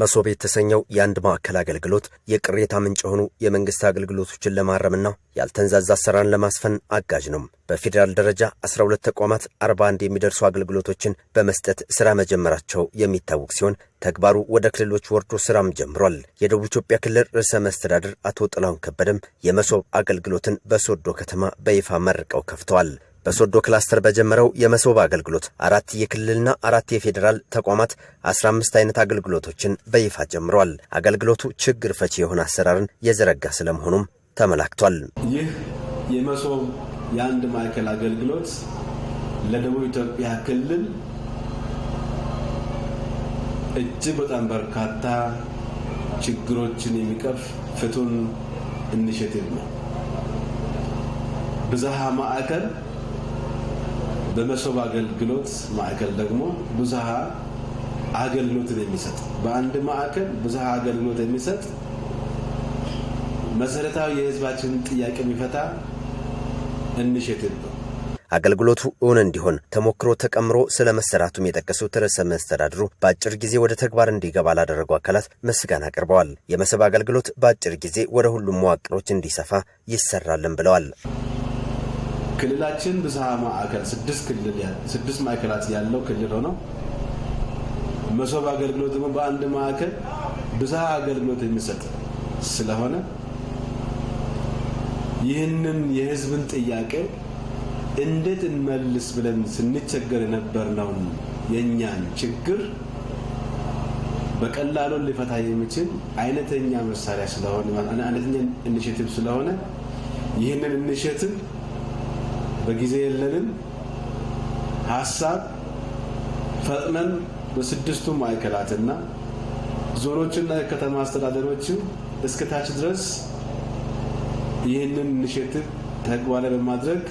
መሶብ የተሰኘው የአንድ ማዕከል አገልግሎት የቅሬታ ምንጭ የሆኑ የመንግስት አገልግሎቶችን ለማረምና ያልተንዛዛ ስራን ለማስፈን አጋዥ ነው። በፌዴራል ደረጃ 12 ተቋማት 41 የሚደርሱ አገልግሎቶችን በመስጠት ስራ መጀመራቸው የሚታወቅ ሲሆን ተግባሩ ወደ ክልሎች ወርዶ ስራም ጀምሯል። የደቡብ ኢትዮጵያ ክልል ርዕሰ መስተዳድር አቶ ጥላሁን ከበደም የመሶብ አገልግሎትን በሶዶ ከተማ በይፋ መርቀው ከፍተዋል። በሶዶ ክላስተር በጀመረው የመሶብ አገልግሎት አራት የክልልና አራት የፌዴራል ተቋማት 15 አይነት አገልግሎቶችን በይፋ ጀምረዋል። አገልግሎቱ ችግር ፈቺ የሆነ አሰራርን የዘረጋ ስለመሆኑም ተመላክቷል። ይህ የመሶብ የአንድ ማዕከል አገልግሎት ለደቡብ ኢትዮጵያ ክልል እጅግ በጣም በርካታ ችግሮችን የሚቀርፍ ፍቱን ኢኒሼቲቭ ነው። ብዝሃ ማዕከል በመሶብ አገልግሎት ማዕከል ደግሞ ብዙሃ አገልግሎትን የሚሰጥ በአንድ ማዕከል ብዙሃ አገልግሎት የሚሰጥ መሰረታዊ የህዝባችንን ጥያቄ የሚፈታ ኢኒሼቲቭ ነው። አገልግሎቱ እውን እንዲሆን ተሞክሮ ተቀምሮ ስለ መሰራቱም የጠቀሱት ርዕሰ መስተዳድሩ በአጭር ጊዜ ወደ ተግባር እንዲገባ ላደረጉ አካላት ምስጋና አቅርበዋል። የመሶብ አገልግሎት በአጭር ጊዜ ወደ ሁሉም መዋቅሮች እንዲሰፋ ይሰራልን ብለዋል። ክልላችን ብዝሃ ማዕከል ስድስት ማዕከላት ያለው ክልል ሆነው መሶብ አገልግሎት ደግሞ በአንድ ማዕከል ብዝሃ አገልግሎት የሚሰጥ ስለሆነ ይህንን የህዝብን ጥያቄ እንዴት እንመልስ ብለን ስንቸገር ነው። የእኛን ችግር በቀላሉ ሊፈታ የሚችል አይነተኛ መሳሪያ ስለሆነ አይነተኛ ኢኒሽቲቭ ስለሆነ ይህንን ኢኒሽቲቭ በጊዜ የለንም። ሀሳብ ፈጥነን በስድስቱም ማዕከላትና ዞኖችና የከተማ አስተዳደሮች እስከታች ድረስ ይህንን ኢኒሼቲቭ ተግባራዊ በማድረግ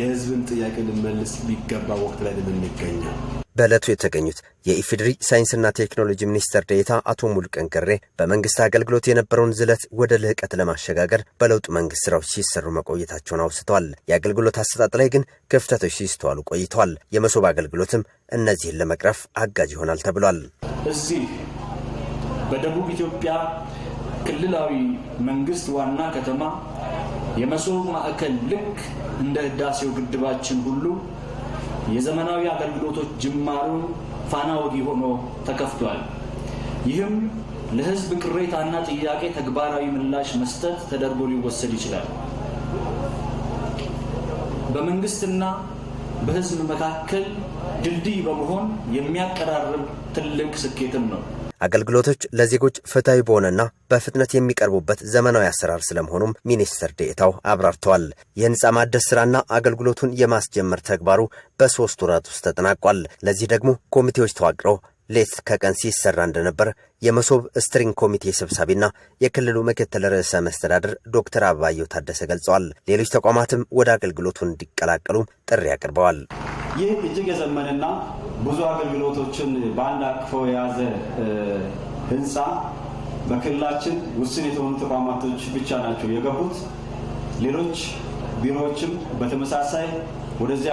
የህዝብን ጥያቄ ልንመልስ ቢገባ ወቅት ላይ ልምንገኛል። በዕለቱ የተገኙት የኢፌዴሪ ሳይንስና ቴክኖሎጂ ሚኒስትር ዴኤታ አቶ ሙሉቀን ገሬ በመንግስት አገልግሎት የነበረውን ዝለት ወደ ልህቀት ለማሸጋገር በለውጥ መንግስት ስራዎች ሲሰሩ መቆየታቸውን አውስተዋል። የአገልግሎት አሰጣጥ ላይ ግን ክፍተቶች ሲስተዋሉ ቆይተዋል። የመሶብ አገልግሎትም እነዚህን ለመቅረፍ አጋዥ ይሆናል ተብሏል። እዚህ በደቡብ ኢትዮጵያ ክልላዊ መንግስት ዋና ከተማ የመሶብ ማዕከል ልክ እንደ ህዳሴው ግድባችን ሁሉ የዘመናዊ አገልግሎቶች ጅማሩ ፋና ወጊ ሆኖ ተከፍቷል። ይህም ለህዝብ ቅሬታና ጥያቄ ተግባራዊ ምላሽ መስጠት ተደርጎ ሊወሰድ ይችላል። በመንግስትና በህዝብ መካከል ድልድይ በመሆን የሚያቀራርብ ትልቅ ስኬትም ነው። አገልግሎቶች ለዜጎች ፍትሐዊ በሆነና በፍጥነት የሚቀርቡበት ዘመናዊ አሰራር ስለመሆኑም ሚኒስትር ዴኤታው አብራርተዋል። የህንፃ ማደስ ስራና አገልግሎቱን የማስጀመር ተግባሩ በሶስት ወራት ውስጥ ተጠናቋል። ለዚህ ደግሞ ኮሚቴዎች ተዋቅረው ሌት ከቀን ሲሰራ እንደነበር የመሶብ ስትሪንግ ኮሚቴ ሰብሳቢና የክልሉ ምክትል ርዕሰ መስተዳድር ዶክተር አበባየሁ ታደሰ ገልጸዋል። ሌሎች ተቋማትም ወደ አገልግሎቱ እንዲቀላቀሉ ጥሪ አቅርበዋል። ይህ እጅግ የዘመንና ብዙ አገልግሎቶችን በአንድ አቅፈው የያዘ ህንፃ በክልላችን ውስን የተሆኑ ተቋማቶች ብቻ ናቸው የገቡት። ሌሎች ቢሮዎችም በተመሳሳይ ወደዚህ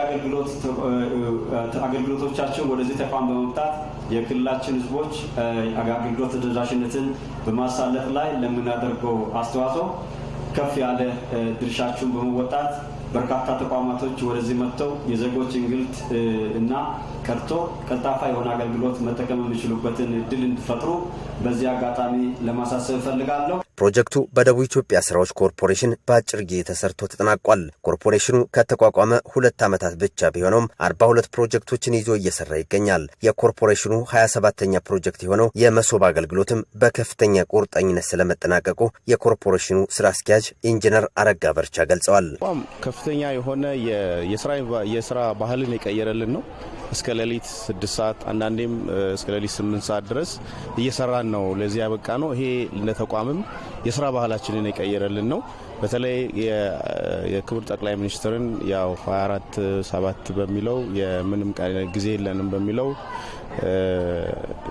አገልግሎቶቻቸው ወደዚህ ተቋም በመምጣት የክልላችን ህዝቦች አገልግሎት ተደራሽነትን በማሳለጥ ላይ ለምናደርገው አስተዋጽኦ ከፍ ያለ ድርሻችሁን በመወጣት በርካታ ተቋማቶች ወደዚህ መጥተው የዜጎች እንግልት እና ቀርቶ ቀልጣፋ የሆነ አገልግሎት መጠቀም የሚችሉበትን እድል እንዲፈጥሩ በዚህ አጋጣሚ ለማሳሰብ እፈልጋለሁ። ፕሮጀክቱ በደቡብ ኢትዮጵያ ስራዎች ኮርፖሬሽን በአጭር ጊዜ ተሰርቶ ተጠናቋል። ኮርፖሬሽኑ ከተቋቋመ ሁለት ዓመታት ብቻ ቢሆነውም አርባ ሁለት ፕሮጀክቶችን ይዞ እየሰራ ይገኛል። የኮርፖሬሽኑ 27ተኛ ፕሮጀክት የሆነው የመሶብ አገልግሎትም በከፍተኛ ቁርጠኝነት ስለመጠናቀቁ የኮርፖሬሽኑ ስራ አስኪያጅ ኢንጂነር አረጋ በርቻ ገልጸዋል። ከፍተኛ የሆነ የስራ ባህልን የቀየረልን ነው እስከ ሌሊት ስድስት ሰዓት አንዳንዴም እስከ ሌሊት ስምንት ሰዓት ድረስ እየሰራን ነው። ለዚህ ያበቃ ነው። ይሄ ለተቋምም የስራ ባህላችንን የቀየረልን ነው። በተለይ የክቡር ጠቅላይ ሚኒስትርን ያው 24 ሰባት በሚለው የምንም ጊዜ የለንም በሚለው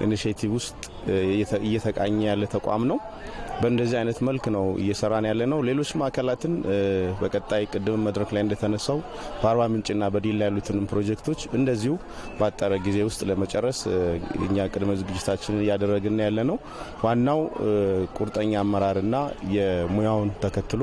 ኢኒሽቲቭ ውስጥ እየተቃኘ ያለ ተቋም ነው። በእንደዚህ አይነት መልክ ነው እየሰራን ያለ ነው። ሌሎች ማዕከላትን በቀጣይ ቅድም መድረክ ላይ እንደተነሳው በአርባ ምንጭና በዲላ ያሉትንም ፕሮጀክቶች እንደዚሁ ባጠረ ጊዜ ውስጥ ለመጨረስ እኛ ቅድመ ዝግጅታችን እያደረግን ያለ ነው። ዋናው ቁርጠኛ አመራርና የሙያውን ተከትሎ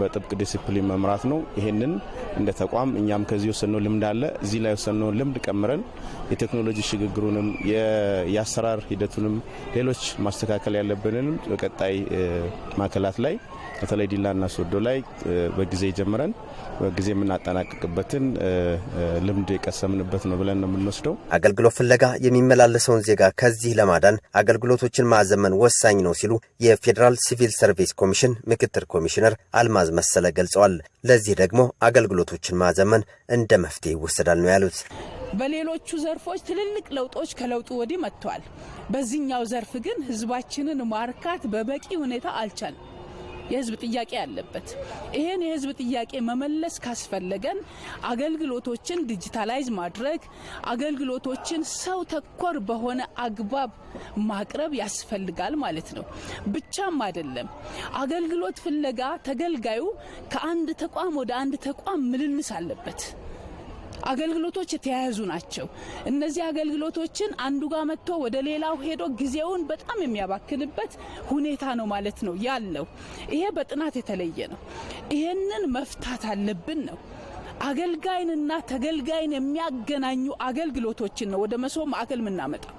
በጥብቅ ዲሲፕሊን መምራት ነው። ይህንን እንደ ተቋም እኛም ከዚህ የወሰነው ልምድ አለ። እዚህ ላይ የወሰነውን ልምድ ቀምረን የቴክኖሎጂ ሽግግሩንም የአሰራር ሂደቱንም ሌሎች ማስተካከል ያለብንንም በቀጣይ ማዕከላት ላይ በተለይ ዲላና ሶዶ ላይ በጊዜ ጀምረን በጊዜ የምናጠናቀቅበትን ልምድ የቀሰምንበት ነው ብለን ነው የምንወስደው። አገልግሎት ፍለጋ የሚመላለሰውን ዜጋ ከዚህ ለማዳን አገልግሎቶችን ማዘመን ወሳኝ ነው ሲሉ የፌዴራል ሲቪል ሰርቪስ ኮሚሽን ምክትል ኮሚሽን ኮሚሽነር አልማዝ መሰለ ገልጸዋል። ለዚህ ደግሞ አገልግሎቶችን ማዘመን እንደ መፍትሄ ይወሰዳል ነው ያሉት። በሌሎቹ ዘርፎች ትልልቅ ለውጦች ከለውጡ ወዲህ መጥተዋል። በዚህኛው ዘርፍ ግን ህዝባችንን ማርካት በበቂ ሁኔታ አልቻል። የህዝብ ጥያቄ አለበት። ይሄን የህዝብ ጥያቄ መመለስ ካስፈለገን አገልግሎቶችን ዲጂታላይዝ ማድረግ፣ አገልግሎቶችን ሰው ተኮር በሆነ አግባብ ማቅረብ ያስፈልጋል ማለት ነው። ብቻም አይደለም አገልግሎት ፍለጋ ተገልጋዩ ከአንድ ተቋም ወደ አንድ ተቋም ምልልስ አለበት። አገልግሎቶች የተያያዙ ናቸው። እነዚህ አገልግሎቶችን አንዱ ጋር መጥቶ ወደ ሌላው ሄዶ ጊዜውን በጣም የሚያባክንበት ሁኔታ ነው ማለት ነው ያለው። ይሄ በጥናት የተለየ ነው። ይሄንን መፍታት አለብን ነው አገልጋይንና ተገልጋይን የሚያገናኙ አገልግሎቶችን ነው ወደ መሶብ ማዕከል የምናመጣው።